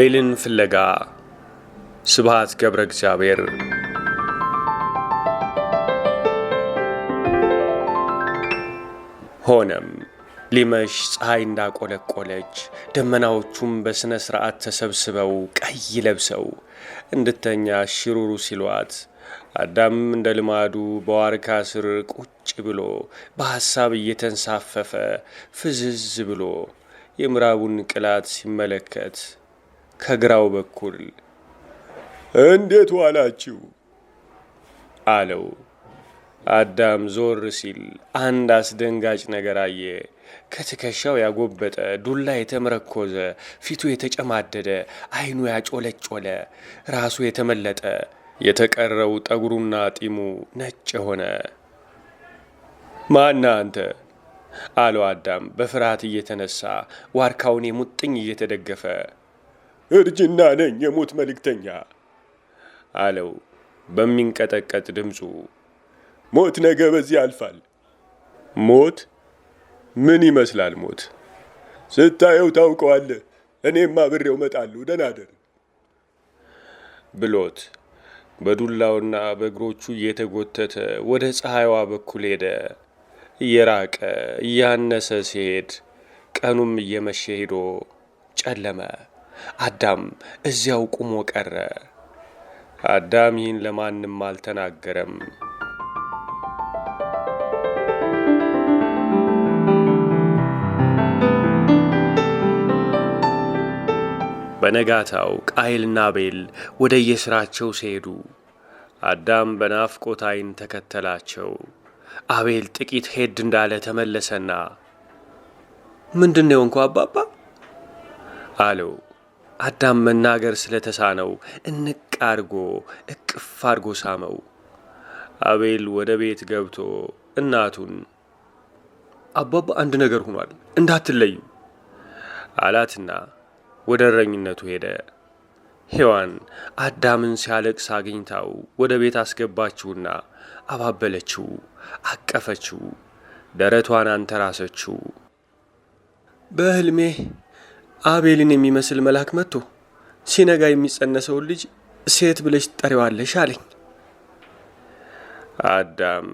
አቤልን ፍለጋ ስብሃት ገብረ እግዚአብሔር ሆነም ሊመሽ ፀሐይ እንዳቆለቆለች ደመናዎቹም በሥነ ሥርዓት ተሰብስበው ቀይ ለብሰው እንድተኛ ሽሩሩ ሲሏት አዳም እንደ ልማዱ በዋርካ ስር ቁጭ ብሎ በሐሳብ እየተንሳፈፈ ፍዝዝ ብሎ የምዕራቡን ቅላት ሲመለከት ከግራው በኩል እንዴት ዋላችሁ አለው። አዳም ዞር ሲል አንድ አስደንጋጭ ነገር አየ። ከትከሻው ያጎበጠ ዱላ የተመረኮዘ ፊቱ የተጨማደደ አይኑ ያጮለጮለ ራሱ የተመለጠ የተቀረው ጠጉሩና ጢሙ ነጭ የሆነ ማና አንተ አለው አዳም በፍርሃት እየተነሳ ዋርካውን የሙጥኝ እየተደገፈ እርጅና ነኝ የሞት መልእክተኛ አለው በሚንቀጠቀጥ ድምፁ። ሞት ነገ በዚህ ያልፋል። ሞት ምን ይመስላል? ሞት ስታየው ታውቀዋለህ። እኔም አብሬው መጣለሁ። ደህና ደር ብሎት በዱላውና በእግሮቹ እየተጎተተ ወደ ፀሐይዋ በኩል ሄደ። እየራቀ እያነሰ ሲሄድ ቀኑም እየመሸ ሄዶ ጨለመ። አዳም እዚያው ቁሞ ቀረ። አዳም ይህን ለማንም አልተናገረም። በነጋታው ቃይልና አቤል ወደ የሥራቸው ሲሄዱ አዳም በናፍቆት ዓይን ተከተላቸው። አቤል ጥቂት ሄድ እንዳለ ተመለሰና ምንድን ነው እንኳ አባባ አለው። አዳም መናገር ስለተሳነው እንቅ አርጎ እቅፍ አርጎ ሳመው። አቤል ወደ ቤት ገብቶ እናቱን አባባ አንድ ነገር ሆኗል እንዳትለዩ አላትና ወደ እረኝነቱ ሄደ። ሔዋን አዳምን ሲያለቅስ አግኝታው ወደ ቤት አስገባችውና አባበለችው፣ አቀፈችው፣ ደረቷን አንተራሰችው። በሕልሜ አቤልን የሚመስል መልአክ መጥቶ ሲነጋ የሚጸነሰውን ልጅ ሴት ብለሽ ጠሪዋለሽ አለኝ። አዳም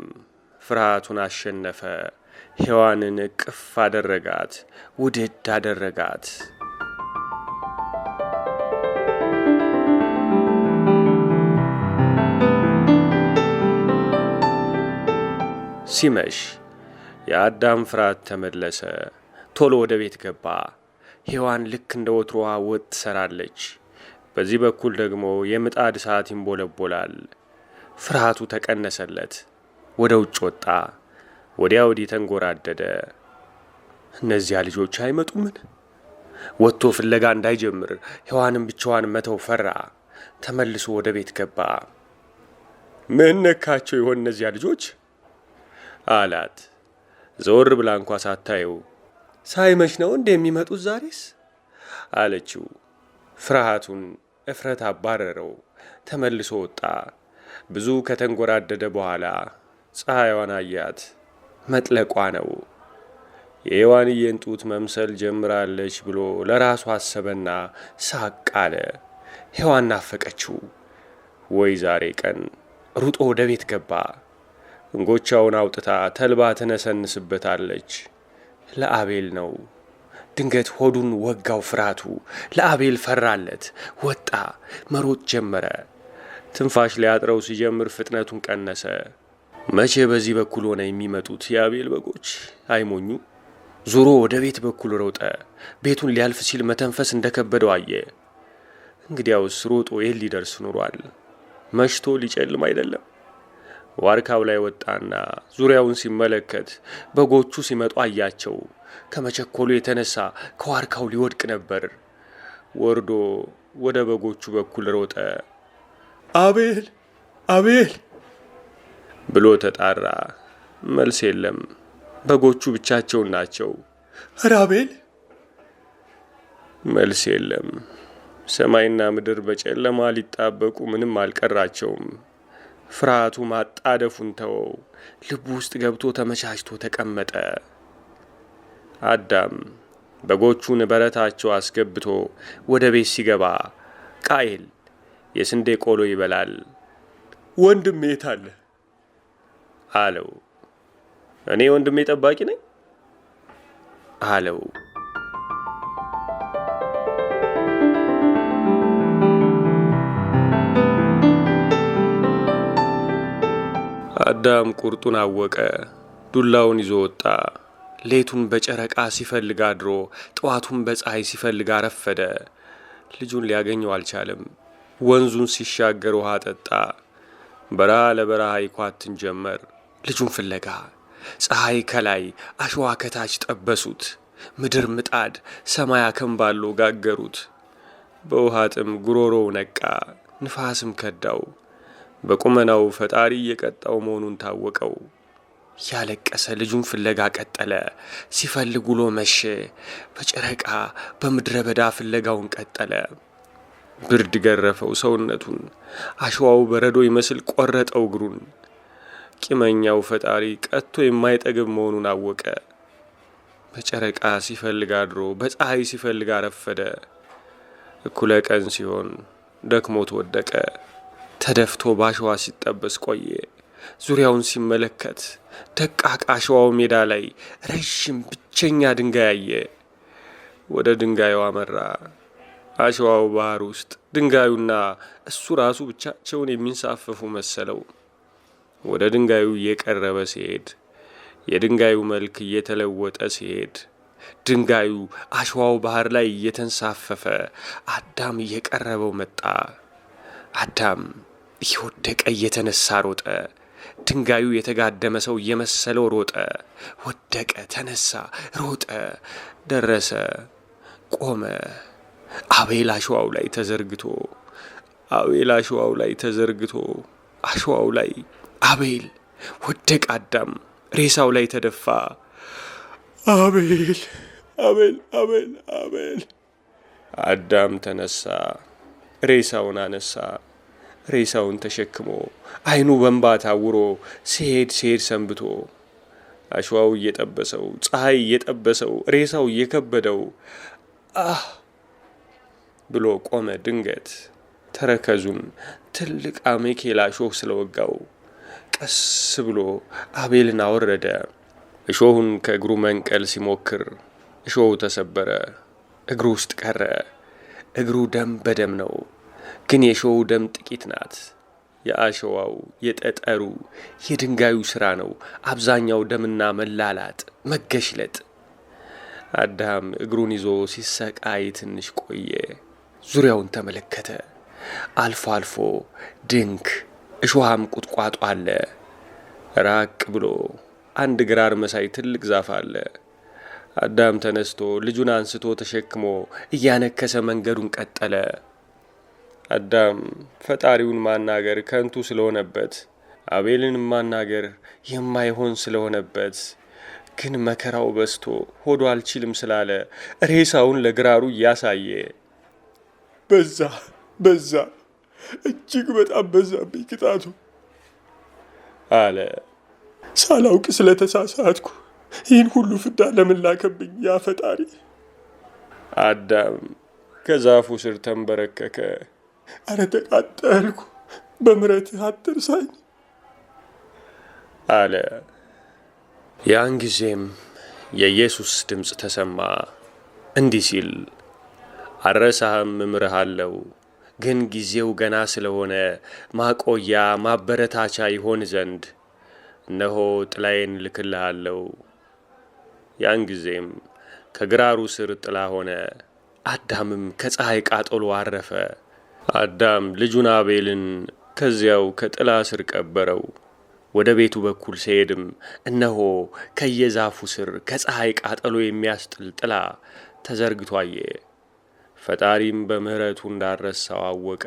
ፍርሃቱን አሸነፈ። ሔዋንን እቅፍ አደረጋት፣ ውድድ አደረጋት። ሲመሽ የአዳም ፍርሃት ተመለሰ። ቶሎ ወደ ቤት ገባ። ሔዋን ልክ እንደ ወትሮዋ ወጥ ትሰራለች። በዚህ በኩል ደግሞ የምጣድ ሰዓት ይንቦለቦላል። ፍርሃቱ ተቀነሰለት። ወደ ውጭ ወጣ። ወዲያ ወዲህ ተንጎራደደ። እነዚያ ልጆች አይመጡምን? ወጥቶ ፍለጋ እንዳይጀምር ሔዋንም ብቻዋን መተው ፈራ። ተመልሶ ወደ ቤት ገባ። ምን ነካቸው ይሆን እነዚያ ልጆች አላት። ዘወር ብላ እንኳ ሳታየው ሳይመሽ ነው እንደ የሚመጡት ዛሬስ? አለችው። ፍርሃቱን እፍረት አባረረው። ተመልሶ ወጣ። ብዙ ከተንጎራደደ በኋላ ፀሐይዋን አያት። መጥለቋ ነው። የሔዋንዬን ጡት መምሰል ጀምራለች ብሎ ለራሱ አሰበና ሳቅ አለ። ሔዋን ናፈቀችው። ወይ ዛሬ ቀን! ሩጦ ወደ ቤት ገባ። እንጎቻውን አውጥታ ተልባ ትነሰንስበታለች። ለአቤል ነው። ድንገት ሆዱን ወጋው ፍርሃቱ። ለአቤል ፈራለት፣ ወጣ፣ መሮጥ ጀመረ። ትንፋሽ ሊያጥረው ሲጀምር ፍጥነቱን ቀነሰ። መቼ በዚህ በኩል ሆነ የሚመጡት የአቤል በጎች አይሞኙ። ዙሮ ወደ ቤት በኩል ሮጠ። ቤቱን ሊያልፍ ሲል መተንፈስ እንደከበደው አየ። እንግዲያውስ ሮጦ የት ሊደርስ ኑሯል። መሽቶ ሊጨልም አይደለም። ዋርካው ላይ ወጣና ዙሪያውን ሲመለከት በጎቹ ሲመጡ አያቸው። ከመቸኮሉ የተነሳ ከዋርካው ሊወድቅ ነበር። ወርዶ ወደ በጎቹ በኩል ሮጠ። አቤል አቤል ብሎ ተጣራ። መልስ የለም። በጎቹ ብቻቸውን ናቸው። ኧረ አቤል! መልስ የለም። ሰማይና ምድር በጨለማ ሊጣበቁ ምንም አልቀራቸውም። ፍርሃቱ ማጣደፉን ተወው። ልቡ ውስጥ ገብቶ ተመቻችቶ ተቀመጠ። አዳም በጎቹን በረታቸው አስገብቶ ወደ ቤት ሲገባ ቃይል የስንዴ ቆሎ ይበላል። ወንድሜ የት አለ አለው። እኔ ወንድሜ ጠባቂ ነኝ አለው። አዳም ቁርጡን አወቀ። ዱላውን ይዞ ወጣ። ሌቱን በጨረቃ ሲፈልግ አድሮ ጠዋቱን በፀሐይ ሲፈልግ አረፈደ። ልጁን ሊያገኘው አልቻለም። ወንዙን ሲሻገር ውሃ ጠጣ። በረሃ ለበረሃ ይኳትን ጀመር ልጁን ፍለጋ። ፀሐይ ከላይ አሸዋ ከታች ጠበሱት። ምድር ምጣድ፣ ሰማይ አከምባሎ ጋገሩት። በውሃ ጥም ጉሮሮው ነቃ፣ ንፋስም ከዳው። በቁመናው ፈጣሪ የቀጣው መሆኑን ታወቀው። ያለቀሰ ልጁን ፍለጋ ቀጠለ። ሲፈልግ ውሎ መሸ። በጨረቃ በምድረ በዳ ፍለጋውን ቀጠለ። ብርድ ገረፈው ሰውነቱን፣ አሸዋው በረዶ ይመስል ቆረጠው እግሩን። ቂመኛው ፈጣሪ ቀጥቶ የማይጠግብ መሆኑን አወቀ። በጨረቃ ሲፈልግ አድሮ፣ በፀሐይ ሲፈልግ አረፈደ። እኩለ ቀን ሲሆን ደክሞት ወደቀ። ተደፍቶ ባሸዋ ሲጠበስ ቆየ። ዙሪያውን ሲመለከት ደቃቅ አሸዋው ሜዳ ላይ ረዥም ብቸኛ ድንጋይ አየ። ወደ ድንጋዩ አመራ። አሸዋው ባህር ውስጥ ድንጋዩና እሱ ራሱ ብቻቸውን የሚንሳፈፉ መሰለው። ወደ ድንጋዩ እየቀረበ ሲሄድ የድንጋዩ መልክ እየተለወጠ ሲሄድ ድንጋዩ አሸዋው ባህር ላይ እየተንሳፈፈ አዳም እየቀረበው መጣ። አዳም እየወደቀ እየተነሳ ሮጠ። ድንጋዩ የተጋደመ ሰው እየመሰለው ሮጠ፣ ወደቀ፣ ተነሳ፣ ሮጠ፣ ደረሰ፣ ቆመ። አቤል አሸዋው ላይ ተዘርግቶ አቤል አሸዋው ላይ ተዘርግቶ አሸዋው ላይ አቤል ወደቀ አዳም ሬሳው ላይ ተደፋ። አቤል አቤል አቤል አቤል አዳም ተነሳ፣ ሬሳውን አነሳ። ሬሳውን ተሸክሞ አይኑ በንባ ታውሮ ሲሄድ ሲሄድ ሰንብቶ አሸዋው እየጠበሰው ፀሐይ እየጠበሰው ሬሳው እየከበደው አህ ብሎ ቆመ ድንገት ተረከዙን ትልቅ አሜኬላ እሾህ ስለወጋው ቀስ ብሎ አቤልን አወረደ። እሾሁን ከእግሩ መንቀል ሲሞክር እሾሁ ተሰበረ፣ እግሩ ውስጥ ቀረ። እግሩ ደም በደም ነው። ግን የሾው ደም ጥቂት ናት። የአሸዋው፣ የጠጠሩ፣ የድንጋዩ ሥራ ነው አብዛኛው ደምና መላላጥ፣ መገሽለጥ። አዳም እግሩን ይዞ ሲሰቃይ ትንሽ ቆየ። ዙሪያውን ተመለከተ። አልፎ አልፎ ድንክ እሾሃም ቁጥቋጦ አለ። ራቅ ብሎ አንድ ግራር መሳይ ትልቅ ዛፍ አለ። አዳም ተነስቶ ልጁን አንስቶ ተሸክሞ እያነከሰ መንገዱን ቀጠለ። አዳም ፈጣሪውን ማናገር ከንቱ ስለሆነበት፣ አቤልን ማናገር የማይሆን ስለሆነበት፣ ግን መከራው በዝቶ ሆዶ አልችልም ስላለ ሬሳውን ለግራሩ እያሳየ በዛ በዛ እጅግ በጣም በዛብኝ ቅጣቱ አለ። ሳላውቅ ስለተሳሳትኩ ይህን ሁሉ ፍዳ ለምን ላከብኝ ያ ፈጣሪ? አዳም ከዛፉ ስር ተንበረከከ። አረ ተቃጠልኩ፣ በምሕረትህ አትርሳኝ አለ። ያን ጊዜም የኢየሱስ ድምፅ ተሰማ እንዲህ ሲል አረሳህም፣ እምርሃለሁ ግን ጊዜው ገና ስለሆነ ማቆያ ማበረታቻ ይሆን ዘንድ እነሆ ጥላዬን ልክልሃለሁ። ያን ጊዜም ከግራሩ ስር ጥላ ሆነ። አዳምም ከፀሐይ ቃጠሎ አረፈ። አዳም ልጁን አቤልን ከዚያው ከጥላ ስር ቀበረው። ወደ ቤቱ በኩል ሲሄድም እነሆ ከየዛፉ ስር ከፀሐይ ቃጠሎ የሚያስጥል ጥላ ተዘርግቶ አየ። ፈጣሪም በምሕረቱ እንዳረሳው አወቀ።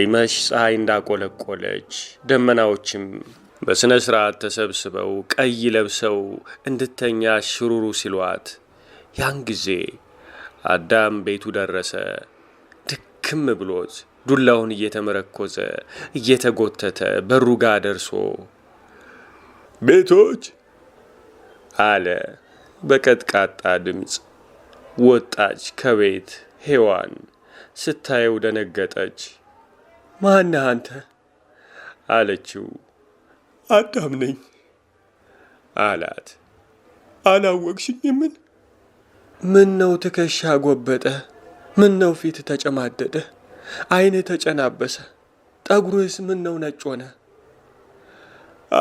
ሊመሽ ፀሐይ እንዳቆለቆለች ደመናዎችም በሥነ ሥርዓት ተሰብስበው ቀይ ለብሰው እንድተኛ ሽሩሩ ሲሏት፣ ያን ጊዜ አዳም ቤቱ ደረሰ። ድክም ብሎት ዱላውን እየተመረኮዘ እየተጎተተ በሩ ጋ ደርሶ ቤቶች አለ በቀጥቃጣ ድምፅ። ወጣች ከቤት ሔዋን ስታየው ደነገጠች። ማነህ አንተ አለችው። አዳም ነኝ አላት። አላወቅሽኝ? ምን ነው ትከሻ ጎበጠ? ምን ነው ፊት ተጨማደደ? አይን ተጨናበሰ? ጠጉርስ ምን ነው ነጭ ሆነ?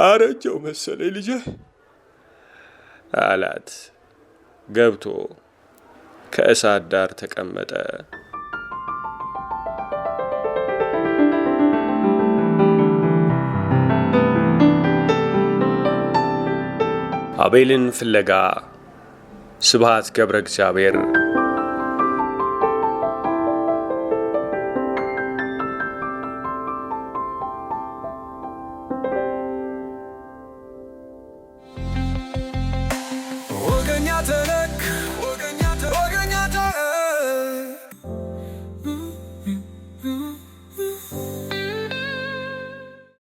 አረጀው መሰለኝ ልጄ አላት። ገብቶ ከእሳት ዳር ተቀመጠ። አቤልን ፍለጋ ስብሃት ገብረ እግዚአብሔር